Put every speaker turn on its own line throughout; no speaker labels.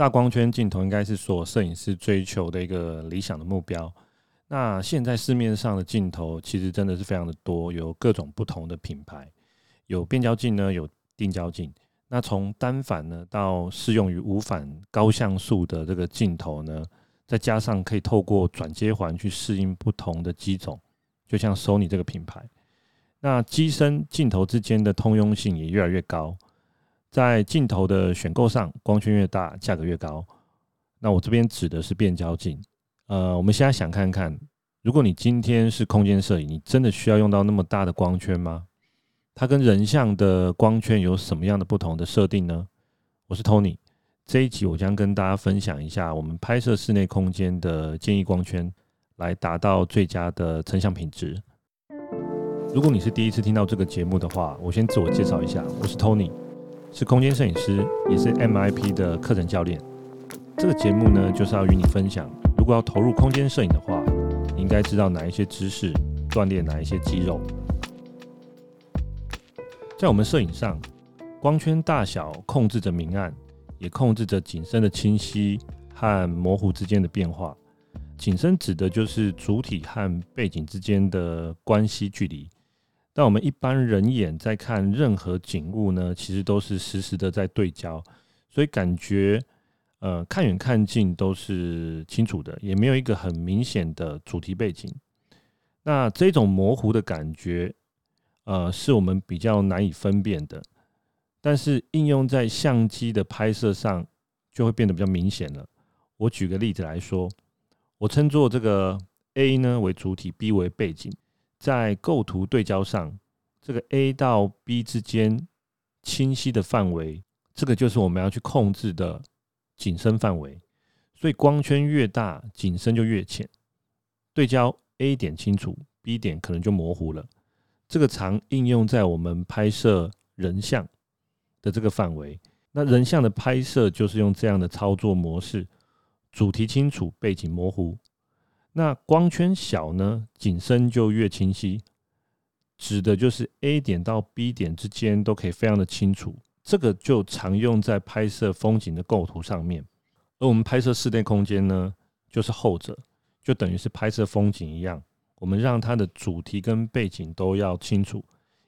大光圈鏡頭應該是所有攝影師追求的一個理想的目標。那現在市面上的鏡頭其實真的是非常的多，有各種不同的品牌，有變焦鏡呢，有定焦鏡。那從單反呢，到適用於無反高像素的這個鏡頭呢，再加上可以透過轉接環去適應不同的機種，就像 Sony 這個品牌，那機身鏡頭之間的通用性也越來越高。在鏡頭的選購上，光圈越大，價格越高。那我這邊指的是變焦鏡。呃，我們現在想看看，如果你今天是空間攝影，你真的需要用到那麼大的光圈嗎？它跟人像的光圈有什麼樣的不同的設定呢？我是 Tony，這一集我將跟大家分享一下我們拍攝室內空間的建議光圈，來達到最佳的成像品質。如果你是第一次聽到這個節目的話，我先自我介紹一下，我是 Tony。是空間攝影師，也是 MIP 的課程教練。這個節目呢，就是要與你分享，如果要投入空間攝影的話，應該知道哪一些知識，鍛鍊哪一些肌肉。在我們攝影上，光圈大小控制着明暗，也控制着景深的清晰和模糊之間的變化。景深指的就是主體和背景之間的關係距離。但我們一般人眼在看任何景物呢，其實都是實時的在對焦，所以感覺呃，看遠看近都是清楚的，也沒有一個很明顯的主題背景。那這種模糊的感覺，呃，是我們比較難以分辨的。但是應用在相機的拍攝上，就會變得比較明顯了。我舉個例子來說，我稱作這個 A 呢為主體，B 為背景。在構圖對焦上，這個 A 到 B 之間清晰的範圍，這個就是我們要去控制的景深範圍。所以光圈越大，景深就越淺。對焦 A 點清楚，B 點可能就模糊了。這個常應用在我們拍攝人像的這個範圍。那人像的拍攝就是用這樣的操作模式：主題清楚，背景模糊。那光圈小呢，景深就越清晰，指的就是 A 點到 B 點之間都可以非常的清楚。這個就常用在拍攝風景的構圖上面，而我們拍攝室內空間呢，就是後者，就等於是拍攝風景一樣，我們讓它的主題跟背景都要清楚，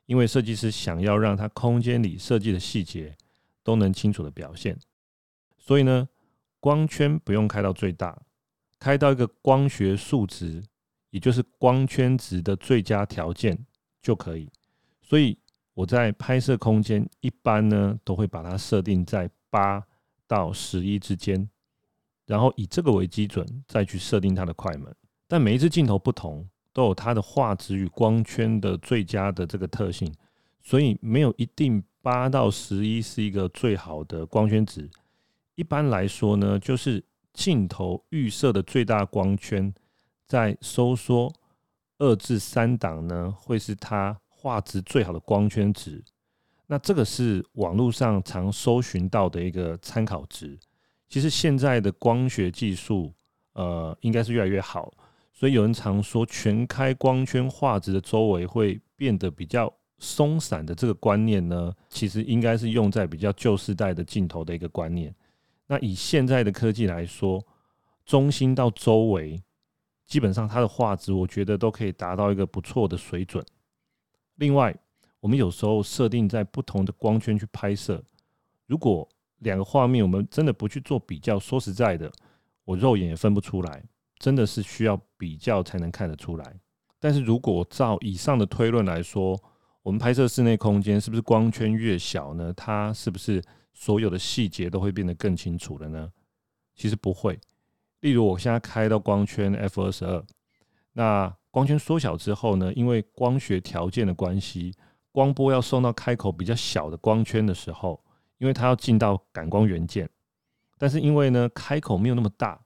因為設計師想要讓它空間裡設計的細節都能清楚的表現，所以呢，光圈不用開到最大。開到一個光學數值，也就是光圈值的最佳條件就可以。所以我在拍攝空間一般呢，都會把它設定在八到十一之間，然後以這個為基準再去設定它的快門。但每一只鏡頭不同，都有它的畫質與光圈的最佳的這個特性，所以沒有一定八到十一是一個最好的光圈值。一般來說呢，就是。鏡頭預設的最大光圈，在收縮二至三檔呢，會是它畫質最好的光圈值。那這個是網絡上常搜尋到的一個參考值。其實現在的光學技術，呃，應該是越來越好。所以有人常說，全開光圈畫質的周圍會變得比較鬆散的這個觀念呢，其實應該是用在比較舊時代的鏡頭的一個觀念。那以現在的科技來說，中心到周圍，基本上它的畫質，我覺得都可以達到一個不錯的水準。另外，我們有時候設定在不同的光圈去拍攝，如果兩個畫面我們真的不去做比較，說實在的，我肉眼也分不出來，真的是需要比較才能看得出來。但是如果照以上的推論來說，我們拍攝室內空間，是不是光圈越小呢？它是不是？所有的細節都會變得更清楚了呢？其實不會。例如，我現在開到光圈 F 二十二，那光圈縮小之後呢，因為光學條件的關係，光波要送到開口比較小的光圈的時候，因為它要進到感光元件，但是因為呢開口沒有那麼大，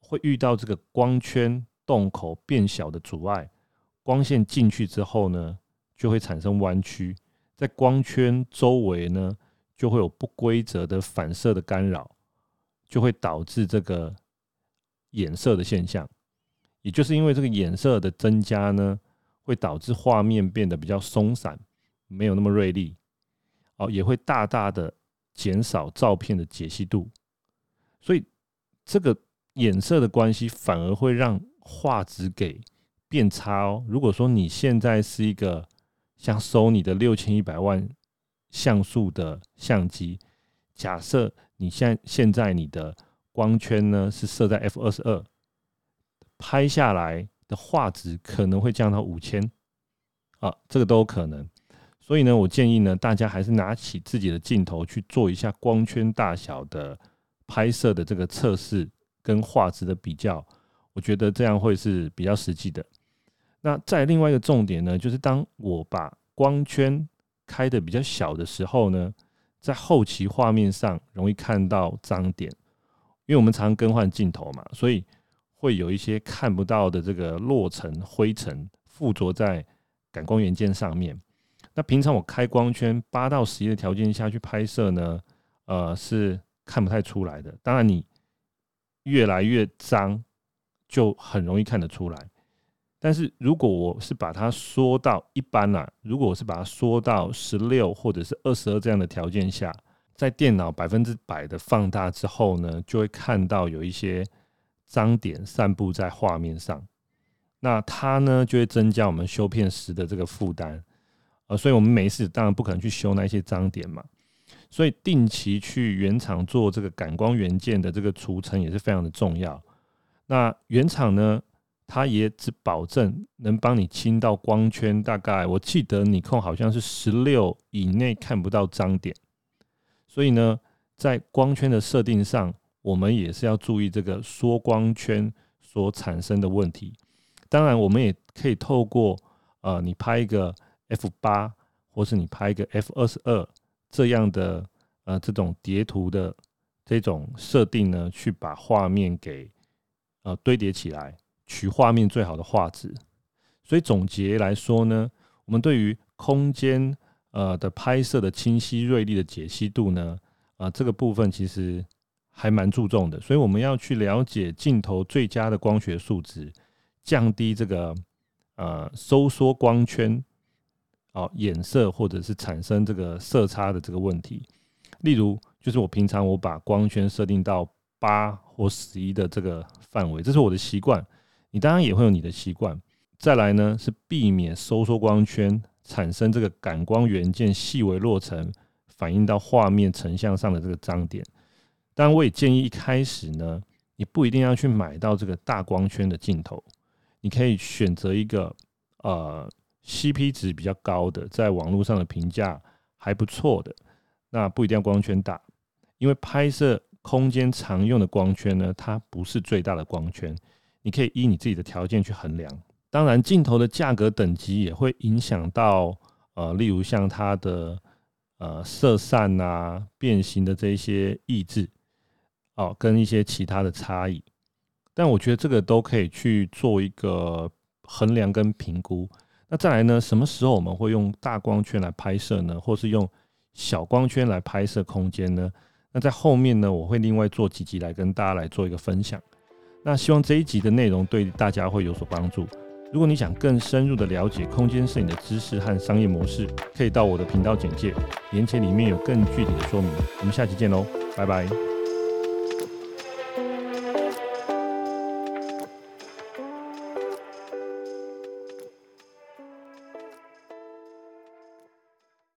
會遇到這個光圈洞口變小的阻礙，光線進去之後呢，就會產生彎曲，在光圈周圍呢。就會有不規則的反射的干擾，就會導致這個衍射的現象。也就是因為這個衍射的增加呢，會導致畫面變得比較鬆散，沒有那麼銳利。哦，也會大大的減少照片的解析度。所以這個衍射的關係反而會讓畫質給變差哦。如果說你現在是一個像索尼的六千一百萬。像素的相機，假設你現在現在你的光圈呢是設在 F 二十二，拍下來的畫質可能會降到五千，啊，這個都有可能。所以呢，我建議呢，大家還是拿起自己的鏡頭去做一下光圈大小的拍攝的這個測試跟畫質的比較，我覺得這樣會是比較實際的。那在另外一個重點呢，就是當我把光圈開的比較小的時候呢，在後期畫面上容易看到髒點，因為我們常更換鏡頭嘛，所以會有一些看不到的這個落塵、灰塵附着在感光元件上面。那平常我開光圈八到十一的條件下去拍攝呢，呃，是看不太出來的。當然，你越來越髒，就很容易看得出來。但是如果我是把它縮到一般啦，啊，如果我是把它縮到十六或者是二十二這樣的條件下，在電腦百分之百的放大之後呢，就會看到有一些髒點散布在畫面上，那它呢就會增加我們修片時的這個負擔，啊，所以我們沒事當然不可能去修那些髒點嘛，所以定期去原廠做這個感光元件的這個除塵也是非常的重要，那原廠呢？它也只保證能幫你清到光圈，大概我記得 Nikon 好像是十六以內看不到髒點，所以呢，在光圈的設定上，我們也是要注意這個縮光圈所產生的問題。當然，我們也可以透過呃，你拍一個 F 八，或是你拍一個 F 二十二這樣的呃這種疊圖的這種設定呢，去把畫面給呃堆疊起來。取畫面最好的畫質，所以總結來說呢，我們對於空間呃的拍攝的清晰銳利的解析度呢，啊這個部分其實還蠻注重的，所以我們要去了解鏡頭最佳的光學數值，降低這個呃收縮光圈，哦衍射或者是產生這個色差的這個問題。例如，就是我平常我把光圈設定到八或十一的這個範圍，這是我的習慣。你當然也會有你的習慣，再來呢，是避免收縮光圈，產生這個感光元件細微落塵，反映到畫面成像上的這個髒點。但我也建議一開始呢，你不一定要去買到這個大光圈的鏡頭，你可以選擇一個呃 CP 值比較高的，在網絡上的評價還不錯的。那不一定要光圈大，因為拍攝空間常用的光圈呢，它不是最大的光圈。你可以依你自己的條件去衡量，當然鏡頭的價格等級也會影響到，呃，例如像它的呃色散啊、變形的這一些抑制，哦，跟一些其他的差異。但我覺得這個都可以去做一個衡量跟評估。那再來呢，什麼時候我們會用大光圈來拍攝呢？或是用小光圈來拍攝空間呢？那在後面呢，我會另外做幾集來跟大家來做一個分享。那希望這一集的內容對大家會有所幫助。如果你想更深入的了解空間攝影的知識和商業模式，可以到我的頻道簡介鏈接裡面有更具體的說明。我們下期見嘍，拜拜。